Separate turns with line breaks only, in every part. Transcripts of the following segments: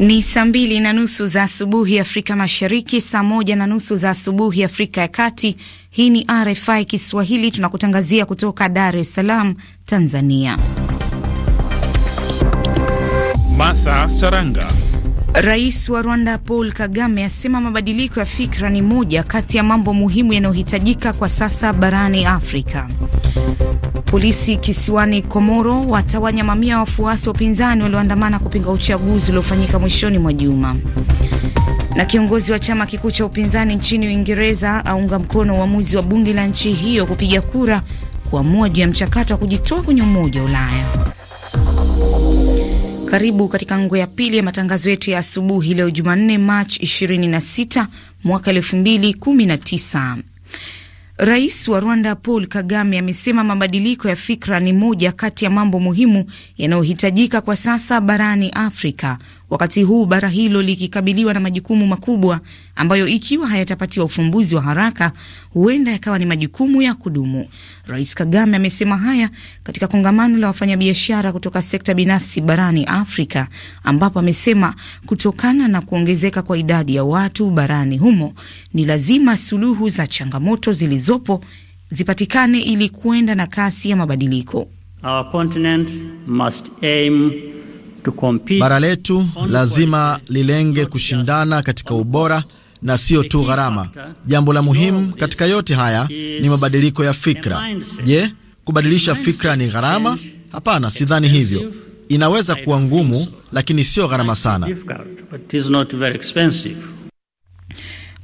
Ni saa mbili na nusu za asubuhi Afrika Mashariki, saa moja na nusu za asubuhi Afrika ya Kati. Hii ni RFI Kiswahili, tunakutangazia kutoka Dar es Salaam, Tanzania.
Martha Saranga.
Rais wa Rwanda Paul Kagame asema mabadiliko ya fikra ni moja kati ya mambo muhimu yanayohitajika kwa sasa barani Afrika. Polisi kisiwani Komoro watawanya mamia ya wafuasi wa upinzani walioandamana kupinga uchaguzi uliofanyika mwishoni mwa juma. Na kiongozi wa chama kikuu cha upinzani nchini Uingereza aunga mkono uamuzi wa bunge la nchi hiyo kupiga kura kuamua juu ya mchakato wa kujitoa kwenye Umoja wa Ulaya. Karibu katika ngo ya pili ya matangazo yetu ya asubuhi leo Jumanne, Machi 26 mwaka 2019. Rais wa Rwanda Paul Kagame amesema mabadiliko ya fikra ni moja kati ya mambo muhimu yanayohitajika kwa sasa barani Afrika wakati huu bara hilo likikabiliwa na majukumu makubwa ambayo ikiwa hayatapatiwa ufumbuzi wa haraka huenda yakawa ni majukumu ya kudumu. Rais Kagame amesema haya katika kongamano la wafanyabiashara kutoka sekta binafsi barani Afrika, ambapo amesema kutokana na kuongezeka kwa idadi ya watu barani humo ni lazima suluhu za changamoto zilizopo zipatikane ili kuenda na kasi ya mabadiliko.
Our continent must aim Bara letu lazima lilenge kushindana katika ubora na sio tu gharama. Jambo la muhimu katika yote haya ni mabadiliko ya fikra. Je, kubadilisha fikra ni gharama? Hapana, sidhani hivyo. Inaweza kuwa ngumu, lakini sio gharama sana.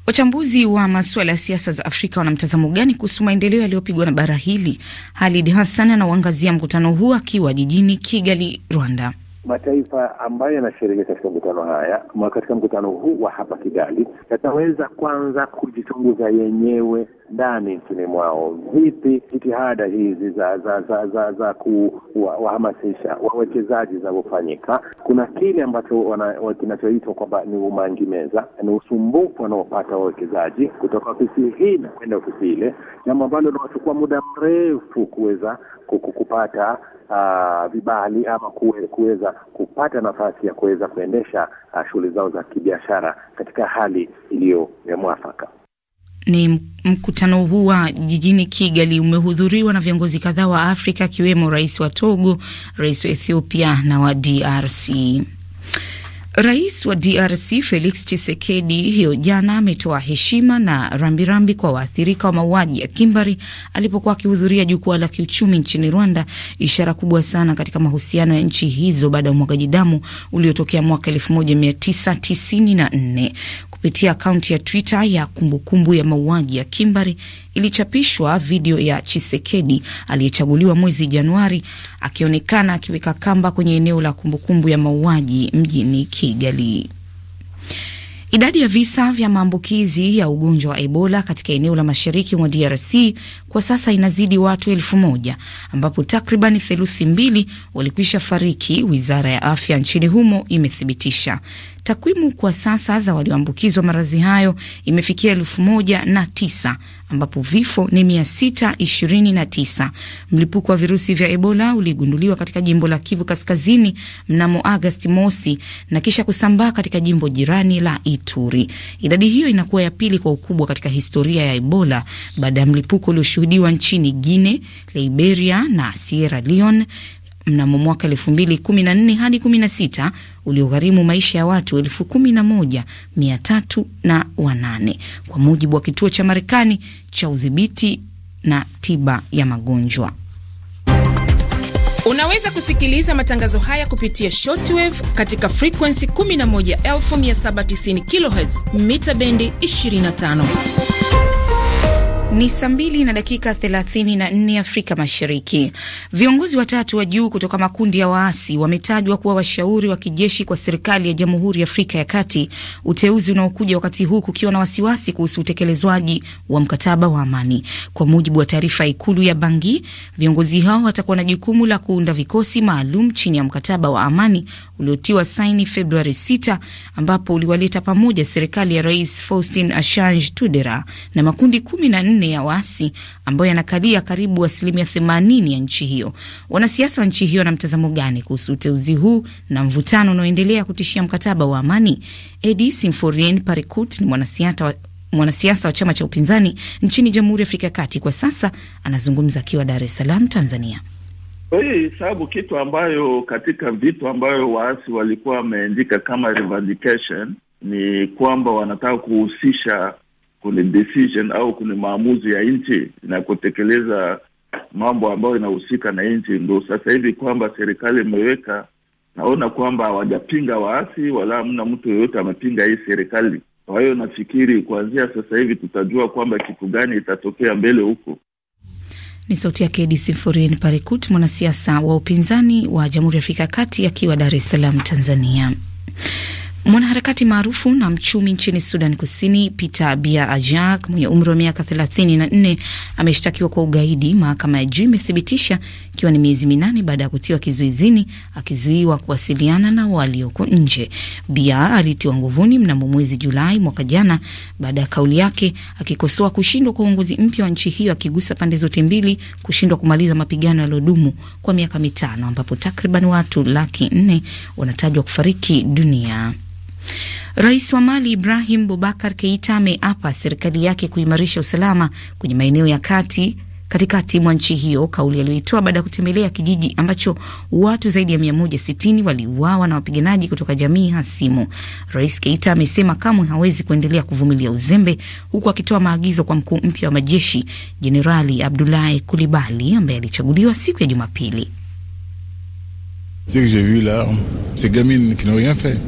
Wachambuzi wa masuala ya siasa za Afrika wana mtazamo gani kuhusu maendeleo yaliyopigwa na bara hili? Halid Hassan anauangazia mkutano huu akiwa jijini Kigali, Rwanda mataifa ambayo
yanashiriki katika mkutano haya katika mkutano huu wa hapa Kigali yataweza kwanza kujichunguza yenyewe ndani nchini mwao. Vipi jitihada hizi za za za za, za kuwahamasisha wa, wawekezaji zinavyofanyika? Kuna kile ambacho kinachoitwa kwamba ni umangi meza ni usumbufu wanaopata wawekezaji kutoka ofisi hii na kwenda ofisi ile, jambo ambalo linachukua muda mrefu kuweza kupata Uh, vibali ama kuweza kupata nafasi ya kuweza kuendesha uh, shughuli zao za kibiashara katika hali iliyo ya mwafaka
ni mkutano huu wa jijini Kigali umehudhuriwa na viongozi kadhaa wa Afrika akiwemo rais wa Togo, rais wa Ethiopia na wa DRC. Rais wa DRC Felix Tshisekedi hiyo jana ametoa heshima na rambirambi rambi kwa waathirika wa mauaji ya kimbari alipokuwa akihudhuria jukwaa la kiuchumi nchini Rwanda, ishara kubwa sana katika mahusiano ya nchi hizo baada ya umwagaji damu uliotokea mwaka 1994. Kupitia akaunti ya Twitter ya kumbukumbu kumbu ya mauaji ya kimbari ilichapishwa video ya Chisekedi aliyechaguliwa mwezi Januari akionekana akiweka kamba kwenye eneo la kumbukumbu kumbu ya mauaji mjini Kigali. Idadi ya visa vya maambukizi ya ugonjwa wa Ebola katika eneo la mashariki mwa DRC kwa sasa inazidi watu elfu moja ambapo takriban theluthi mbili walikwisha fariki, wizara ya afya nchini humo imethibitisha. Takwimu kwa sasa za walioambukizwa maradhi hayo imefikia elfu moja na tisa ambapo vifo ni mia sita ishirini na tisa. Mlipuko wa virusi vya Ebola uligunduliwa katika jimbo la Kivu Kaskazini mnamo Agasti mosi na kisha kusambaa katika jimbo jirani la Ituri. Idadi hiyo inakuwa ya pili kwa ukubwa katika historia ya Ebola baada ya mlipuko ulioshuhudiwa nchini Guine, Liberia na Sierra Leone mnamo mwaka 2014 hadi 16 uliogharimu maisha ya watu 11,308 kwa mujibu wa kituo cha Marekani cha udhibiti na tiba ya magonjwa. Unaweza kusikiliza matangazo haya kupitia shortwave katika frequency 11790 kHz mita bendi 25. Ni saa mbili na dakika 34 Afrika Mashariki. Viongozi watatu wa juu kutoka makundi ya waasi wametajwa kuwa washauri wa kijeshi kwa serikali ya Jamhuri ya Afrika ya Kati, uteuzi unaokuja wakati huu kukiwa na wasiwasi kuhusu utekelezwaji wa mkataba wa amani. Kwa mujibu wa taarifa ya Ikulu ya Bangi, viongozi hao watakuwa na jukumu la kuunda vikosi maalum chini ya mkataba wa amani uliotiwa saini Februari 6 ambapo uliwaleta pamoja serikali ya Rais Faustin Ashange Tudera na makundi 14 ya waasi ambayo yanakalia karibu asilimia 80 ya nchi hiyo. Wanasiasa wa nchi hiyo na mtazamo gani kuhusu uteuzi huu na mvutano unaoendelea kutishia mkataba wa amani? Edi Simforien Parekut ni mwanasiasa wa mwanasiasa wa chama cha upinzani nchini Jamhuri ya Afrika ya Kati kwa sasa anazungumza akiwa Dar es Salaam, Tanzania
hii sababu kitu ambayo katika vitu ambayo waasi walikuwa wameandika kama revendication ni kwamba wanataka kuhusisha kwenye decision au kwenye maamuzi ya nchi na kutekeleza mambo ambayo inahusika na nchi. Ndo sasa hivi kwamba serikali imeweka, naona kwamba hawajapinga waasi wala hamna mtu yoyote amepinga hii serikali. Kwa hiyo nafikiri kuanzia sasa hivi tutajua kwamba kitu gani itatokea mbele huko.
Ni sauti yake Edi Simforin Parikut, mwanasiasa wa upinzani wa Jamhuri ya Afrika ya Kati, akiwa Dar es Salaam, Tanzania. Mwanaharakati maarufu na mchumi nchini Sudan Kusini, Peter Bia Ajak mwenye umri wa miaka 34 ameshtakiwa kwa ugaidi, mahakama ya juu imethibitisha, ikiwa ni miezi minane baada ya kutiwa kizuizini, akizuiwa kuwasiliana na walioko nje. Bia alitiwa nguvuni mnamo mwezi Julai mwaka jana baada ya kauli yake akikosoa kushindwa kwa uongozi mpya wa nchi hiyo, akigusa pande zote mbili kushindwa kumaliza mapigano yaliyodumu kwa miaka mitano ambapo takriban watu laki nne wanatajwa kufariki dunia. Rais wa Mali Ibrahim bubakar Keita ameapa serikali yake kuimarisha usalama kwenye maeneo ya kati katikati mwa nchi hiyo, kauli aliyoitoa baada ya kutembelea kijiji ambacho watu zaidi ya 160 waliuawa na wapiganaji kutoka jamii hasimu. Rais Keita amesema kamwe hawezi kuendelea kuvumilia uzembe, huku akitoa maagizo kwa mkuu mpya wa majeshi Jenerali Abdulahi Kulibali ambaye alichaguliwa siku ya Jumapili.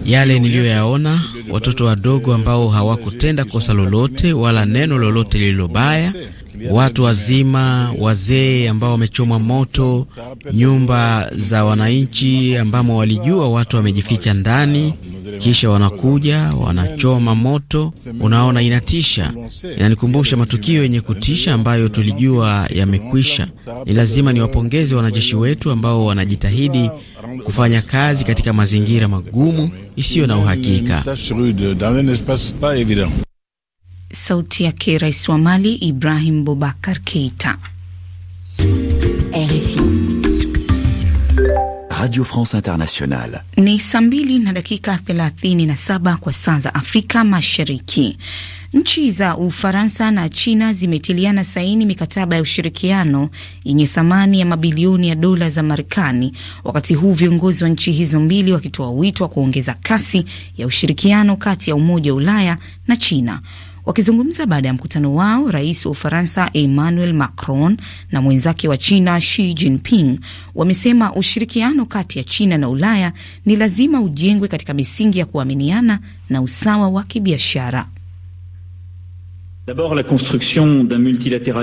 Yale niliyoyaona, watoto wadogo ambao hawakutenda kosa lolote wala neno lolote lililobaya, watu wazima, wazee ambao wamechomwa moto, nyumba za wananchi ambamo walijua watu wamejificha ndani, kisha wanakuja wanachoma moto. Unaona, inatisha. Inanikumbusha matukio yenye kutisha ambayo tulijua yamekwisha. Ni lazima niwapongeze wanajeshi wetu ambao wanajitahidi kufanya kazi katika mazingira magumu isiyo na uhakika.
Sauti yake Rais wa Mali Ibrahim Bobakar Keita, RFI. Radio France Internationale. Ni saa mbili na dakika 37 kwa saa za Afrika Mashariki. Nchi za Ufaransa na China zimetiliana saini mikataba ya ushirikiano yenye thamani ya mabilioni ya dola za Marekani, wakati huu viongozi wa nchi hizo mbili wakitoa wito wa kuongeza kasi ya ushirikiano kati ya Umoja wa Ulaya na China. Wakizungumza baada ya mkutano wao, rais wa Ufaransa Emmanuel Macron na mwenzake wa China Xi Jinping wamesema ushirikiano kati ya China na Ulaya ni lazima ujengwe katika misingi ya kuaminiana na usawa wa kibiashara.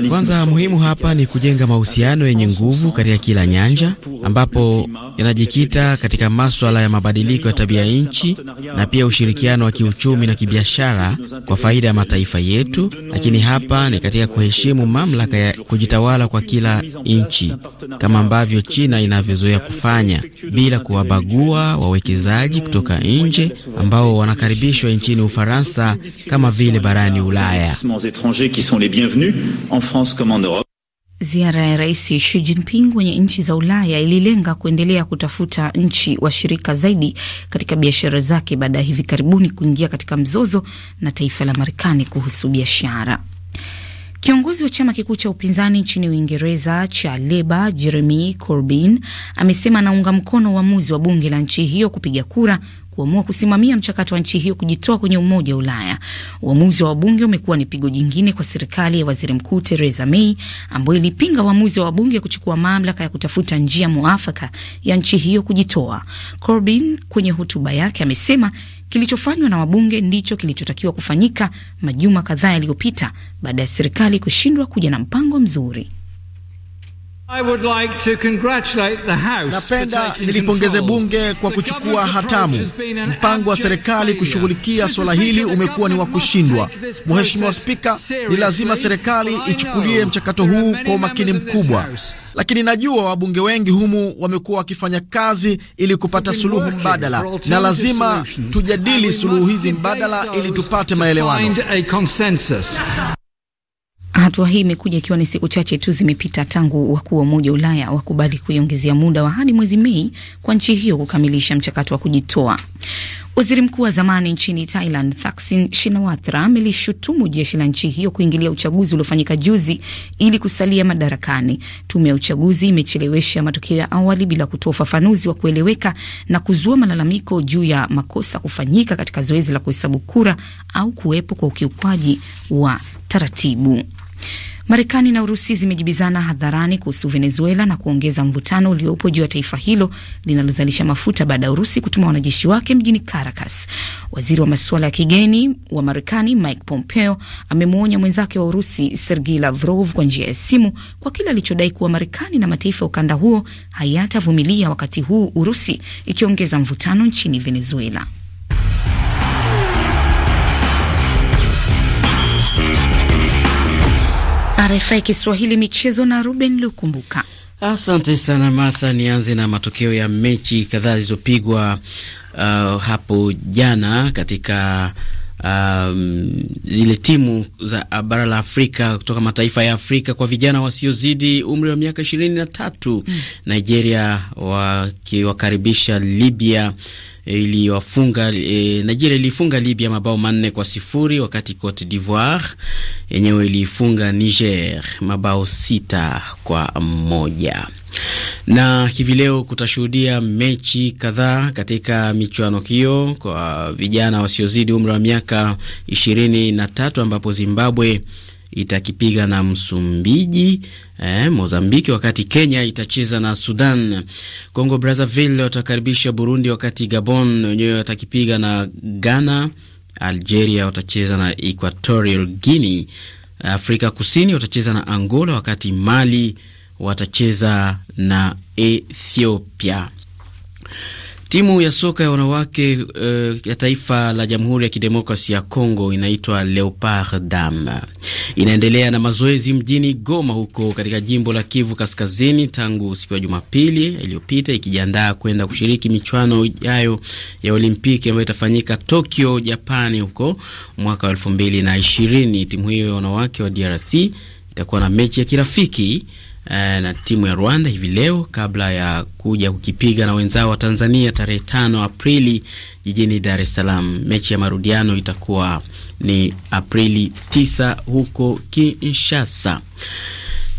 Kwanza muhimu hapa ni kujenga mahusiano yenye nguvu katika kila nyanja, ambapo yanajikita katika maswala ya mabadiliko ya tabia nchi na pia ushirikiano wa kiuchumi na kibiashara kwa faida ya mataifa yetu, lakini hapa ni katika kuheshimu mamlaka ya kujitawala kwa kila nchi, kama ambavyo China inavyozoea kufanya bila kuwabagua wawekezaji kutoka nje ambao wanakaribishwa nchini Ufaransa kama vile barani Ulaya investissements
étrangers qui sont les bienvenus en France comme en Europe.
Ziara ya Rais Xi Jinping kwenye nchi za Ulaya ililenga kuendelea kutafuta nchi washirika zaidi katika biashara zake baada ya hivi karibuni kuingia katika mzozo na taifa la Marekani kuhusu biashara. Kiongozi wa chama kikuu cha upinzani nchini Uingereza cha Leba, Jeremy Corbyn amesema anaunga mkono uamuzi wa bunge la nchi hiyo kupiga kura kuamua kusimamia mchakato wa nchi hiyo kujitoa kwenye Umoja wa Ulaya. Uamuzi wa wabunge umekuwa ni pigo jingine kwa serikali ya waziri mkuu Theresa May ambayo ilipinga uamuzi wa wabunge kuchukua mamlaka ya kutafuta njia mwafaka ya nchi hiyo kujitoa. Corbyn kwenye hotuba yake amesema kilichofanywa na wabunge ndicho kilichotakiwa kufanyika majuma kadhaa yaliyopita baada ya serikali kushindwa kuja na mpango mzuri
napenda nilipongeze bunge kwa kuchukua hatamu. Mpango wa serikali kushughulikia suala hili umekuwa ni wa kushindwa. Mheshimiwa Spika, ni lazima serikali ichukulie mchakato huu kwa umakini mkubwa, lakini najua wabunge wengi humu wamekuwa wakifanya kazi ili kupata suluhu mbadala, na lazima tujadili suluhu hizi mbadala ili tupate maelewano.
Hatua hii imekuja ikiwa ni siku chache tu zimepita tangu wakuu wa Umoja wa Ulaya wakubali kuiongezea muda wa hadi mwezi Mei kwa nchi hiyo kukamilisha mchakato wa kujitoa. Waziri mkuu wa zamani nchini Thailand, Thaksin Shinawatra, amelishutumu jeshi la nchi hiyo kuingilia uchaguzi uliofanyika juzi ili kusalia madarakani. Tume ya uchaguzi imechelewesha matokeo ya awali bila kutoa ufafanuzi wa kueleweka na kuzua malalamiko juu ya makosa kufanyika katika zoezi la kuhesabu kura au kuwepo kwa ukiukwaji wa taratibu. Marekani na Urusi zimejibizana hadharani kuhusu Venezuela na kuongeza mvutano uliopo juu ya taifa hilo linalozalisha mafuta baada ya Urusi kutuma wanajeshi wake mjini Caracas. Waziri wa masuala ya kigeni wa Marekani Mike Pompeo amemwonya mwenzake wa Urusi Sergei Lavrov kwa njia ya simu kwa kile alichodai kuwa Marekani na mataifa ya ukanda huo hayatavumilia, wakati huu Urusi ikiongeza mvutano nchini Venezuela. RFI Kiswahili michezo na Ruben Lukumbuka.
Asante sana Martha, nianze na matokeo ya mechi kadhaa zilizopigwa uh, hapo jana katika um, zile timu za uh, bara la Afrika kutoka mataifa ya Afrika kwa vijana wasiozidi umri wa miaka ishirini na tatu. Mm. Nigeria wakiwakaribisha Libya e, iliwafunga e, Nigeria ilifunga Libya mabao manne kwa sifuri wakati Cote d'Ivoire yenyewe ilifunga Niger mabao sita kwa moja na hivi leo kutashuhudia mechi kadhaa katika michuano hiyo kwa vijana wasiozidi umri wa miaka ishirini na tatu ambapo Zimbabwe itakipiga na Msumbiji eh, Mozambiki, wakati Kenya itacheza na Sudan. Congo Brazzaville watakaribisha Burundi, wakati Gabon wenyewe watakipiga na Ghana. Algeria watacheza na Equatorial Guinea. Afrika Kusini watacheza na Angola, wakati Mali watacheza na Ethiopia. Timu ya soka ya wanawake uh, ya taifa la Jamhuri ya Kidemokrasi ya congo inaitwa Leopard Dam inaendelea na mazoezi mjini Goma huko katika jimbo la Kivu Kaskazini tangu siku ya Jumapili iliyopita ikijiandaa kwenda kushiriki michuano ijayo ya Olimpiki ambayo itafanyika Tokyo, Japani huko mwaka wa elfu mbili na ishirini. Timu hiyo ya wanawake wa DRC itakuwa na mechi ya kirafiki Eh, na timu ya Rwanda hivi leo kabla ya kuja kukipiga na wenzao wa Tanzania tarehe tano Aprili jijini Dar es Salaam. Mechi ya marudiano itakuwa ni Aprili 9 huko Kinshasa.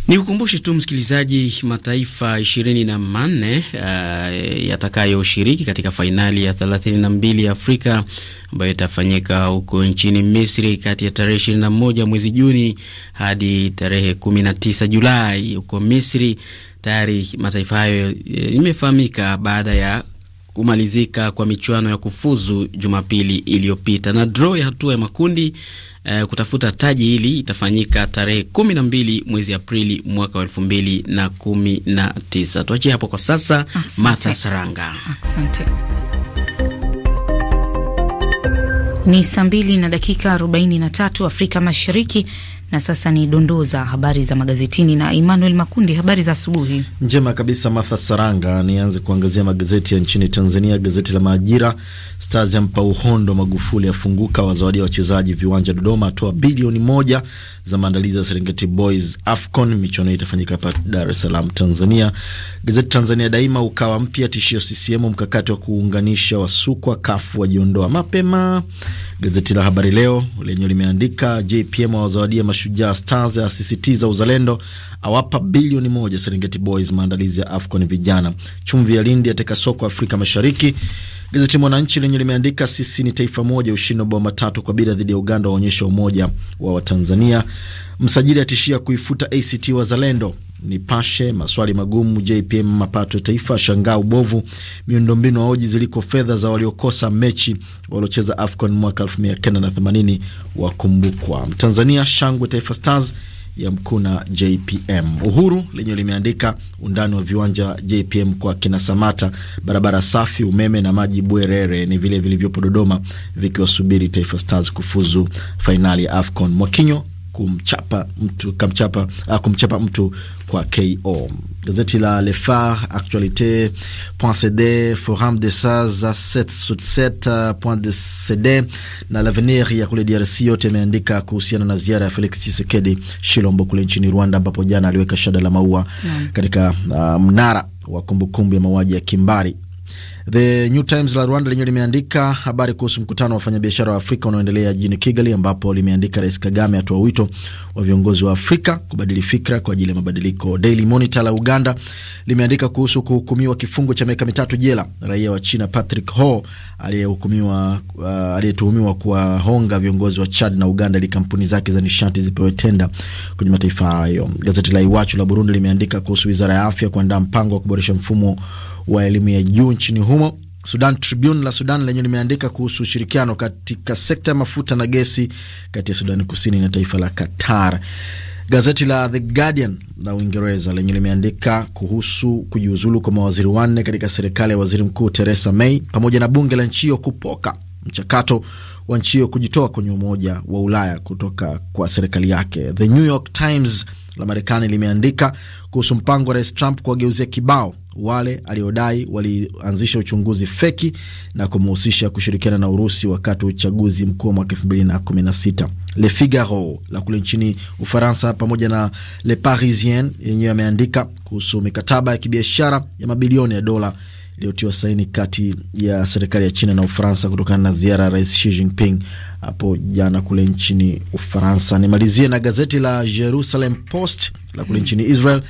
Ni kukumbushe tu msikilizaji, mataifa ishirini na manne uh, yatakayoshiriki katika fainali ya thelathini na mbili ya Afrika ambayo itafanyika huko nchini Misri kati ya tarehe ishirini na moja mwezi Juni hadi tarehe kumi na tisa Julai huko Misri. Tayari mataifa hayo eh, imefahamika baada ya kumalizika kwa michuano ya kufuzu Jumapili iliyopita, na draw ya hatua ya makundi eh, kutafuta taji hili itafanyika tarehe kumi na mbili mwezi Aprili mwaka wa elfu mbili na kumi na tisa. Tuachie hapo kwa sasa. Mata Saranga,
asante. Ni saa mbili na dakika tatu Afrika Mashariki. Na sasa ni dondoo za habari za magazetini na Emmanuel Makundi. Habari za asubuhi.
Njema kabisa, Martha Saranga. Nianze kuangazia magazeti ya nchini Tanzania. Gazeti la Majira, Stars ampa uhondo Magufuli, afunguka wazawadia wachezaji viwanja Dodoma, atoa bilioni moja za maandalizi ya Serengeti Boys AFCON. Michuano itafanyika hapa Dar es Salaam, Tanzania. Gazeti Tanzania Daima, ukawa mpya tishio CCM, mkakati wa kuunganisha wasukwa kafu wajiondoa mapema. Gazeti la Habari Leo lenyewe limeandika JPM awazawadia Mashujaa Stars, asisitiza uzalendo, awapa bilioni moja Serengeti Boys, maandalizi ya AFCON vijana. Chumvi ya Lindi yateka soko Afrika Mashariki. Gazeti Mwananchi lenye limeandika sisi ni taifa moja, ushindi wa bao matatu kwa bila dhidi ya Uganda waonyesha umoja wa Watanzania. Msajili atishia kuifuta ACT Wazalendo. Nipashe maswali magumu JPM mapato ya taifa, shangaa ubovu miundombinu, waoji ziliko fedha za waliokosa mechi waliocheza AFCON mwaka 1980 wakumbukwa. tanzania shangwe Taifa Stars ya Mkuna JPM. Uhuru lenyewe limeandika undani wa viwanja JPM kwa kina Samata, barabara safi, umeme na maji bwerere ni vile vilivyopo Dodoma, vikiwasubiri Taifa Stars kufuzu fainali ya AFCON. Mwakinyo kumchapa mtu, kamchapa, uh, kumchapa mtu kwa KO. Gazeti la Le Phare, cd Forum ah, de As 7 sur cd na L'Avenir ya kule DRC yote imeandika kuhusiana na ziara ya Felix Tshisekedi Shilombo kule nchini Rwanda, ambapo jana aliweka shada la maua yeah, katika uh, mnara wa kumbukumbu ya mauaji ya kimbari The New Times la Rwanda lenyewe limeandika habari kuhusu mkutano wa wafanyabiashara wa Afrika unaoendelea jijini Kigali, ambapo limeandika Rais Kagame atoa wito wa viongozi wa Afrika kubadili fikra kwa ajili ya mabadiliko. Daily Monitor la Uganda limeandika kuhusu kuhukumiwa kifungo cha miaka mitatu jela raia wa China Patrick Ho uh, aliyetuhumiwa uh, kuwahonga viongozi wa Chad na Uganda ili kampuni zake za nishati zipewe tenda kwenye mataifa hayo. Gazeti la Iwachu la Burundi limeandika kuhusu wizara ya afya kuandaa mpango wa kuboresha mfumo wa elimu ya juu nchini humo. Sudan Tribune la Sudan lenye limeandika kuhusu ushirikiano katika sekta ya mafuta na gesi kati ya Sudani Kusini na taifa la Qatar. Gazeti la The Guardian la Uingereza lenye limeandika kuhusu kujiuzulu kwa mawaziri wanne katika serikali ya waziri mkuu Theresa May pamoja na bunge la nchi hiyo kupoka mchakato wa nchi hiyo kujitoa kwenye Umoja wa Ulaya kutoka kwa serikali yake. The New York Times la Marekani limeandika kuhusu mpango wa Rais Trump kuwageuzia kibao wale aliodai walianzisha uchunguzi feki na kumhusisha kushirikiana na Urusi wakati wa uchaguzi mkuu wa mwaka elfu mbili na kumi na sita. Le Figaro la kule nchini Ufaransa pamoja na Le Parisien yenyewe ameandika kuhusu mikataba ya kibiashara ya mabilioni ya dola iliyotiwa saini kati ya serikali ya China na Ufaransa kutokana na ziara ya Rais Xi Jinping hapo jana kule nchini Ufaransa. Nimalizie na gazeti la Jerusalem Post la kule nchini Israel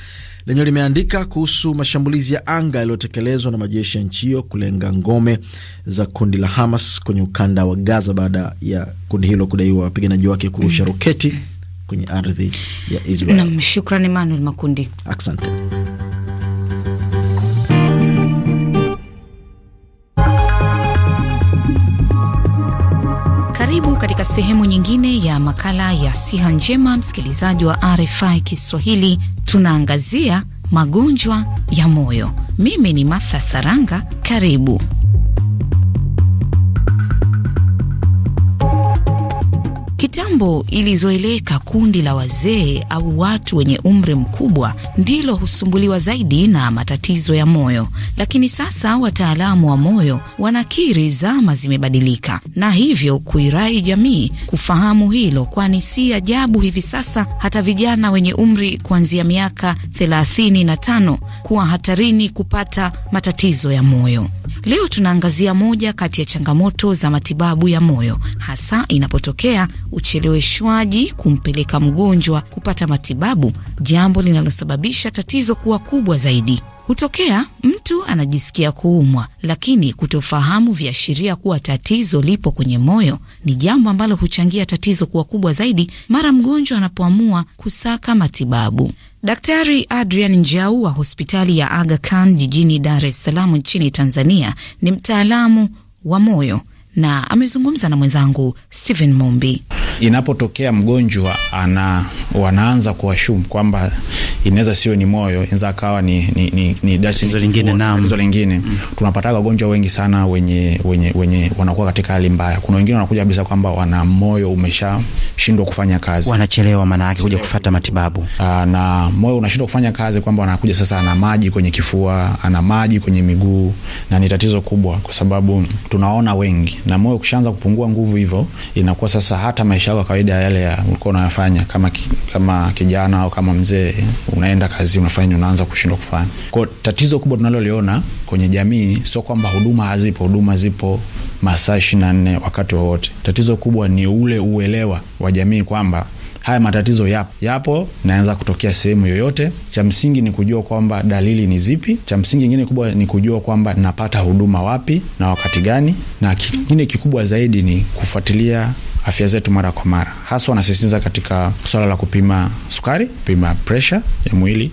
lenyewe limeandika kuhusu mashambulizi ya anga yaliyotekelezwa na majeshi ya nchi hiyo kulenga ngome za kundi la Hamas kwenye ukanda wa Gaza baada ya kundi hilo kudaiwa wapiganaji wake kurusha mm. roketi kwenye ardhi ya Israel.
Makundi, asante. sehemu nyingine ya makala ya siha njema. Msikilizaji wa RFI Kiswahili, tunaangazia magonjwa ya moyo. Mimi ni Martha Saranga, karibu. Kitambo ilizoeleka kundi la wazee au watu wenye umri mkubwa ndilo husumbuliwa zaidi na matatizo ya moyo, lakini sasa wataalamu wa moyo wanakiri zama zimebadilika, na hivyo kuirai jamii kufahamu hilo, kwani si ajabu hivi sasa hata vijana wenye umri kuanzia miaka 35 kuwa hatarini kupata matatizo ya moyo. Leo tunaangazia moja kati ya changamoto za matibabu ya moyo, hasa inapotokea ucheleweshwaji kumpeleka mgonjwa kupata matibabu, jambo linalosababisha tatizo kuwa kubwa zaidi. Hutokea mtu anajisikia kuumwa, lakini kutofahamu viashiria kuwa tatizo lipo kwenye moyo ni jambo ambalo huchangia tatizo kuwa kubwa zaidi mara mgonjwa anapoamua kusaka matibabu. Daktari Adrian Njau wa hospitali ya Aga Khan jijini Dar es Salaam nchini Tanzania ni mtaalamu wa moyo na amezungumza na mwenzangu Stephen Mumbi
inapotokea mgonjwa ana wanaanza kuwashum kwamba inaweza sio ni moyo, inaweza akawa ni ni ni, ni tatizo lingine na tatizo lingine mm. Tunapataga wagonjwa wengi sana wenye wenye wenye wanakuwa katika hali mbaya. Kuna wengine wanakuja kabisa kwamba wana moyo umeshashindwa kufanya kazi, wanachelewa maana yake kuja kufuata matibabu. Aa, ah, na moyo unashindwa kufanya kazi kwamba wanakuja sasa, ana maji kwenye kifua, ana maji kwenye miguu, na ni tatizo kubwa kwa sababu tunaona wengi, na moyo ukishaanza kupungua nguvu hivyo inakuwa sasa hata maisha maisha yako kawaida yale ya ulikuwa unayafanya kama, ki, kama kijana au kama mzee unaenda kazi unafanya unaanza kushindwa kufanya Kwa tatizo kubwa tunaloliona kwenye jamii sio kwamba huduma hazipo huduma zipo masaa ishirina nne wakati wowote wa tatizo kubwa ni ule uelewa wa jamii kwamba haya matatizo yapo yapo naanza kutokea sehemu yoyote cha msingi ni kujua kwamba dalili ni zipi cha msingi ingine kubwa ni kujua kwamba napata huduma wapi na wakati gani na kingine kikubwa zaidi ni kufuatilia afya zetu mara kwa mara. Hasa wanasisitiza katika swala la kupima sukari, kupima presha ya mwili,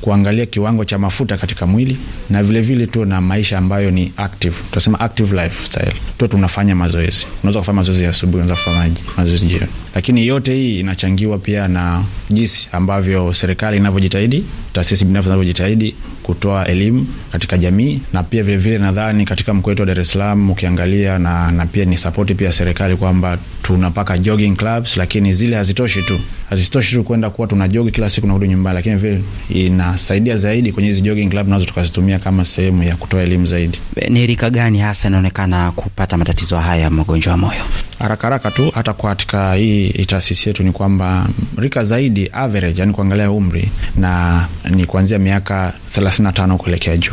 kuangalia kiwango cha mafuta katika mwili, na vilevile tuwe na maisha ambayo ni active, tunasema active lifestyle, tuwe tunafanya mazoezi. Unaweza kufanya mazoezi ya asubuhi, unaweza kufanya mazoezi jioni, lakini yote hii inachangiwa pia na jinsi ambavyo serikali inavyojitahidi, taasisi binafsi zinavyojitahidi kutoa elimu katika jamii, na pia vilevile nadhani katika mkoa wetu wa Dar es Salaam ukiangalia na, na pia ni sapoti pia serikali kwamba tu tuna mpaka jogging clubs, lakini zile hazitoshi tu, hazitoshi tu kwenda kuwa tuna jogi kila siku na kurudi nyumbani, lakini vile inasaidia zaidi kwenye hizi jogging club, nazo tukazitumia kama sehemu ya kutoa elimu zaidi. Eh, ni rika gani hasa inaonekana kupata matatizo haya ya magonjwa ya moyo? Haraka haraka tu, hata kwa katika hii taasisi yetu ni kwamba rika zaidi average, yani kuangalia umri na ni kuanzia miaka 35 kuelekea juu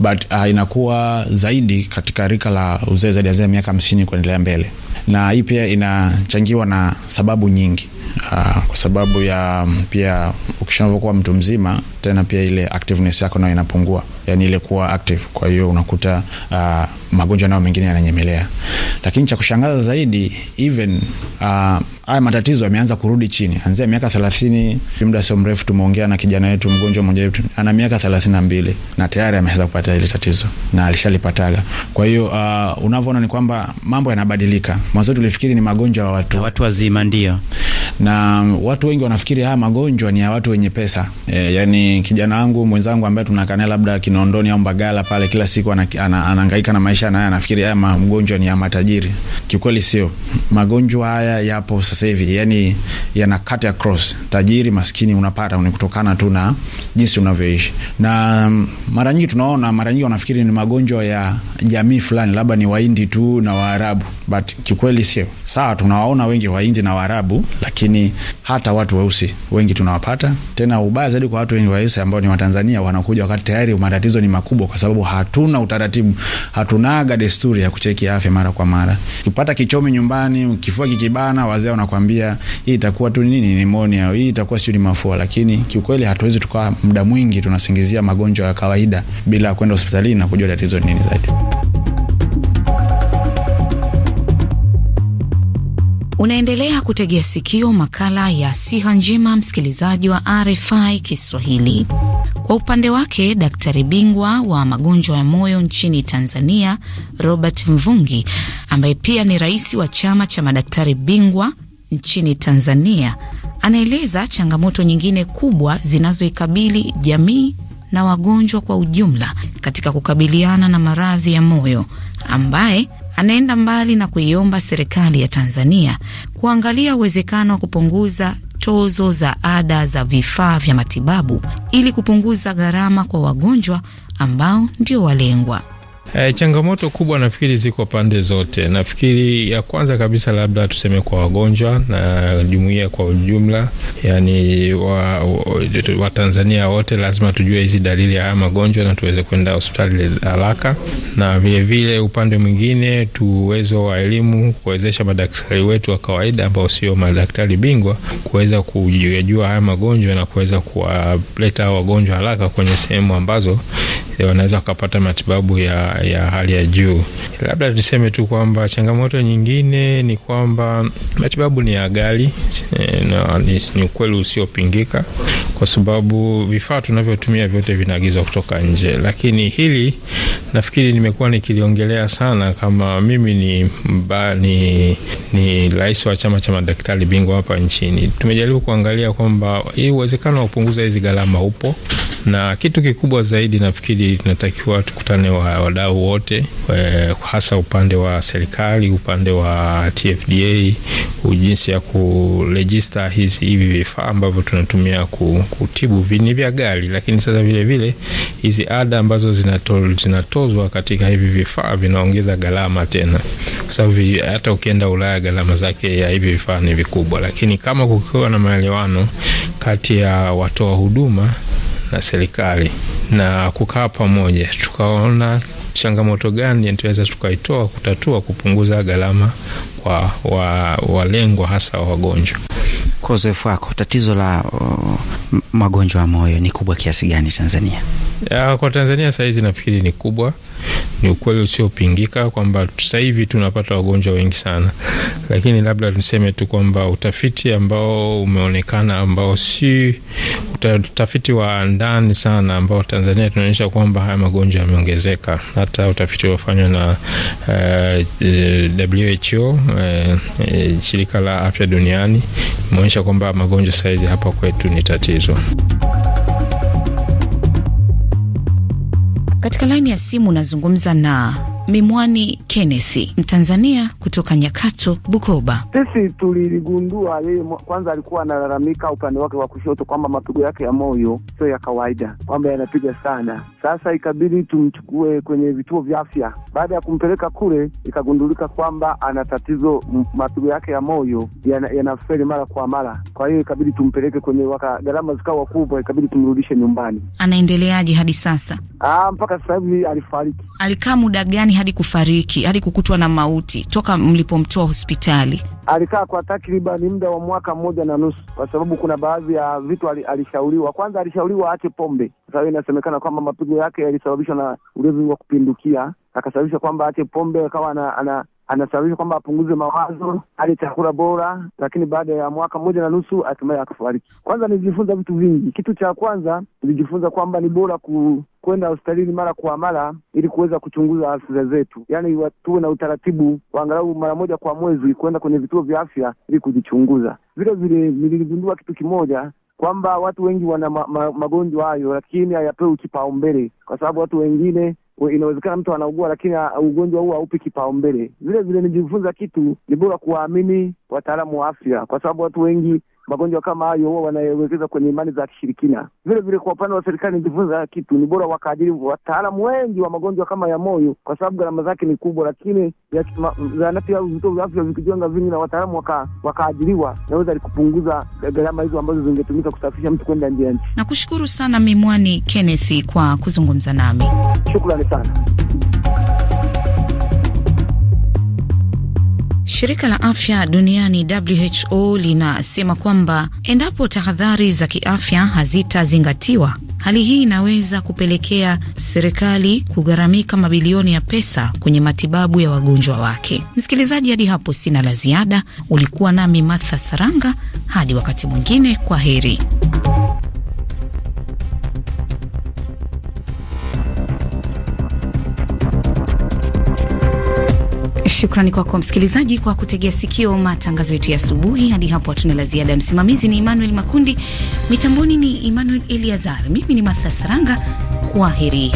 but uh, inakuwa zaidi katika rika la uzee zaidi ya miaka hamsini kuendelea mbele na hii pia inachangiwa na sababu nyingi. Ah, kwa sababu ya pia ukishavyokuwa mtu mzima tena pia ile activeness yako nayo inapungua, yani ile kuwa active. Kwa hiyo unakuta uh, magonjwa nayo mengine yananyemelea, lakini cha kushangaza zaidi even uh, haya matatizo yameanza kurudi chini anzia miaka thelathini. Muda sio mrefu tumeongea na kijana wetu, mgonjwa mmoja wetu ana miaka thelathini na mbili na tayari ameweza kupata ile tatizo na alishalipataga. Kwa hiyo uh, unavyoona ni kwamba mambo yanabadilika. Mwanzo tulifikiri ni magonjwa ya watu watu wazima, ndio na watu wengi wanafikiri haya magonjwa ni ya watu wenye pesa e, yani kijana wangu mwenzangu ambaye tunakanea labda Kinondoni au Mbagala pale, kila siku anahangaika na maisha naye anafikiri haya magonjwa ni ya matajiri. Kiukweli sio, magonjwa haya yapo sasa hivi, yani yana cut across tajiri maskini, unapata ni kutokana tu na jinsi unavyoishi. Na mara nyingi tunaona, mara nyingi wanafikiri ni magonjwa ya jamii fulani, labda ni waindi tu na Waarabu, but kiukweli sio sawa. Tunawaona wengi waindi na Waarabu lakini lakini hata watu weusi wengi tunawapata. Tena ubaya zaidi kwa watu wengi weusi ambao ni Watanzania, wanakuja wakati tayari matatizo ni makubwa, kwa sababu hatuna utaratibu, hatunaga desturi ya kucheki afya mara kwa mara. Ukipata kichomi nyumbani, kifua kikibana, wazee wanakwambia hii itakuwa tu nini, nimonia, hii itakuwa sio ni mafua. Lakini kiukweli hatuwezi tukawa muda mwingi tunasingizia magonjwa ya kawaida bila kwenda hospitalini na kujua tatizo nini zaidi.
Unaendelea kutegea sikio makala ya siha njema, msikilizaji wa RFI Kiswahili. Kwa upande wake, daktari bingwa wa magonjwa ya moyo nchini Tanzania, Robert Mvungi, ambaye pia ni rais wa chama cha madaktari bingwa nchini Tanzania, anaeleza changamoto nyingine kubwa zinazoikabili jamii na wagonjwa kwa ujumla katika kukabiliana na maradhi ya moyo ambaye anaenda mbali na kuiomba serikali ya Tanzania kuangalia uwezekano wa kupunguza tozo za ada za vifaa vya matibabu ili kupunguza gharama kwa wagonjwa ambao ndio walengwa.
E, changamoto kubwa nafikiri ziko pande zote. Nafikiri ya kwanza kabisa labda tuseme kwa wagonjwa na jumuiya kwa ujumla, yani Watanzania wa, wa wote lazima tujue hizi dalili ya haya magonjwa na tuweze kwenda hospitali haraka, na vilevile vile upande mwingine tuwezo wa elimu kuwezesha madaktari wetu wa kawaida ambao sio madaktari bingwa kuweza kujua haya magonjwa na kuweza kuwaleta wagonjwa haraka kwenye sehemu ambazo wanaweza wakapata matibabu ya ya, hali ya juu. Labda tuseme tu kwamba changamoto nyingine ni kwamba matibabu ni ya ghali e, na ni, ni ukweli usiopingika kwa sababu vifaa tunavyotumia vyote vinaagizwa kutoka nje, lakini hili nafikiri nimekuwa nikiliongelea sana. Kama mimi ni mba, ni, ni rais wa chama cha madaktari bingwa hapa nchini, tumejaribu kuangalia kwamba hii uwezekano wa kupunguza hizi gharama upo na kitu kikubwa zaidi nafikiri tunatakiwa tukutane wa wadau wote eh, hasa upande wa serikali, upande wa TFDA, jinsi ya kurejista hizi hivi vifaa ambavyo tunatumia kutibu ni vya gari, lakini sasa vile vile hizi ada ambazo zinato, zinatozwa katika hivi vifaa vinaongeza gharama tena, kwa sababu hata ukienda Ulaya gharama zake ya hivi vifaa ni vikubwa, lakini kama kukiwa na maelewano kati ya watoa huduma na serikali na kukaa pamoja, tukaona changamoto gani tunaweza tukaitoa kutatua kupunguza gharama kwa walengwa wa hasa wagonjwa. Kwa uzoefu wako,
tatizo la uh, magonjwa ya moyo ni kubwa kiasi gani Tanzania?
Ya, kwa Tanzania sahizi nafikiri ni kubwa. Ni ukweli usiopingika kwamba sasa hivi tunapata wagonjwa wengi sana, lakini labda niseme tu kwamba utafiti ambao umeonekana ambao si utafiti wa ndani sana ambao Tanzania tunaonyesha kwamba haya magonjwa yameongezeka. Hata utafiti uliofanywa na uh, eh, uh, eh, WHO uh, eh, uh, shirika la afya duniani maonyesha kwamba magonjwa saizi hapa kwetu ni tatizo.
Katika laini ya simu nazungumza na Mimwani Kennesi, Mtanzania kutoka Nyakato, Bukoba.
Sisi tuliligundua yeye kwanza alikuwa analalamika upande wake wa kushoto kwamba mapigo yake ya moyo sio ya kawaida, kwamba yanapiga sana. Sasa ikabidi tumchukue kwenye vituo vya afya. Baada ya kumpeleka kule, ikagundulika kwamba ana tatizo, mapigo yake ya moyo yanafeli yana mara kwa mara. Kwa hiyo ikabidi tumpeleke kwenye waka, gharama zikawa kubwa, ikabidi tumrudishe nyumbani.
Anaendeleaje hadi sasa? Aa, ah, mpaka sasa hivi alifariki. Alikaa muda gani hadi kufariki hadi kukutwa na mauti toka mlipomtoa hospitali?
Alikaa kwa takriban muda wa mwaka mmoja na nusu, kwa sababu kuna baadhi ya vitu alishauriwa. Kwanza alishauriwa aache pombe, kwa sababu inasemekana kwamba mapigo yake yalisababishwa na ulevi wa kupindukia, akasababisha kwamba aache pombe, akawa ana, ana anasababisha kwamba apunguze mawazo, hali chakula bora, lakini baada ya mwaka mmoja na nusu hatimaye akafariki. Kwanza nilijifunza vitu vingi. Kitu cha kwanza nilijifunza kwamba ni bora ku kwenda hospitalini mara kwa mara ili kuweza kuchunguza afya zetu, yaani tuwe na utaratibu wa angalau mara moja kwa mwezi kwenda kwenye vituo vya afya ili kujichunguza. Vile vile niligundua kitu kimoja kwamba watu wengi wana ma ma magonjwa hayo, lakini hayapewi kipaumbele kwa sababu watu wengine inawezekana mtu anaugua, lakini ugonjwa huu haupi kipaumbele. Vile vile nijifunza kitu, ni bora kuwaamini wataalamu wa afya, kwa sababu watu wengi magonjwa kama hayo huwa wanayewekeza kwenye imani za kishirikina. Vile vile kwa upande wa serikali nijifunza kitu, ni bora wakaajiri wataalamu wengi wa magonjwa kama ya moyo, kwa sababu gharama zake ni kubwa, lakini zahanati au vituo vya afya vikijenga vingi na wataalamu waka, wakaajiriwa, naweza likupunguza gharama hizo ambazo zingetumika kusafirisha mtu kwenda nje ya nchi.
Nakushukuru sana Mimwani Kenneth kwa kuzungumza nami, shukrani sana. Shirika la afya duniani WHO linasema kwamba endapo tahadhari za kiafya hazitazingatiwa, hali hii inaweza kupelekea serikali kugharamika mabilioni ya pesa kwenye matibabu ya wagonjwa wake. Msikilizaji, hadi hapo sina la ziada. Ulikuwa nami Martha Saranga, hadi wakati mwingine, kwa heri. Shukrani kwako msikilizaji kwa kutegea sikio matangazo yetu ya asubuhi. Hadi hapo hatuna la ziada. Msimamizi ni Emmanuel Makundi, mitamboni ni Emmanuel Eliazar, mimi ni Martha Saranga. Kwaheri.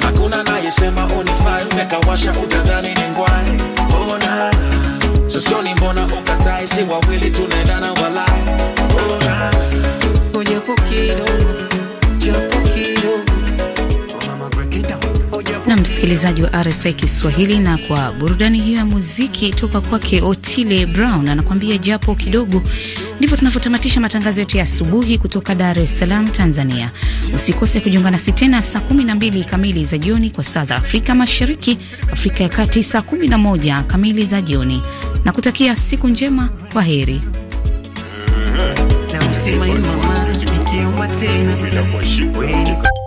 Hakuna anayesema unifai, umekawasha utadhani ni ngwai. wawili tunaendana walai. Ona unyepo kidogo
msikilizaji wa RFI Kiswahili, na kwa burudani hiyo ya muziki toka kwake Otile Brown anakuambia japo kidogo. Ndivyo tunavyotamatisha matangazo yetu ya asubuhi kutoka Dar es Salaam, Tanzania. Usikose kujiunga nasi tena saa 12 kamili za jioni kwa saa za Afrika Mashariki, Afrika ya Kati saa 11 kamili za jioni, na kutakia siku njema. Kwa heri
na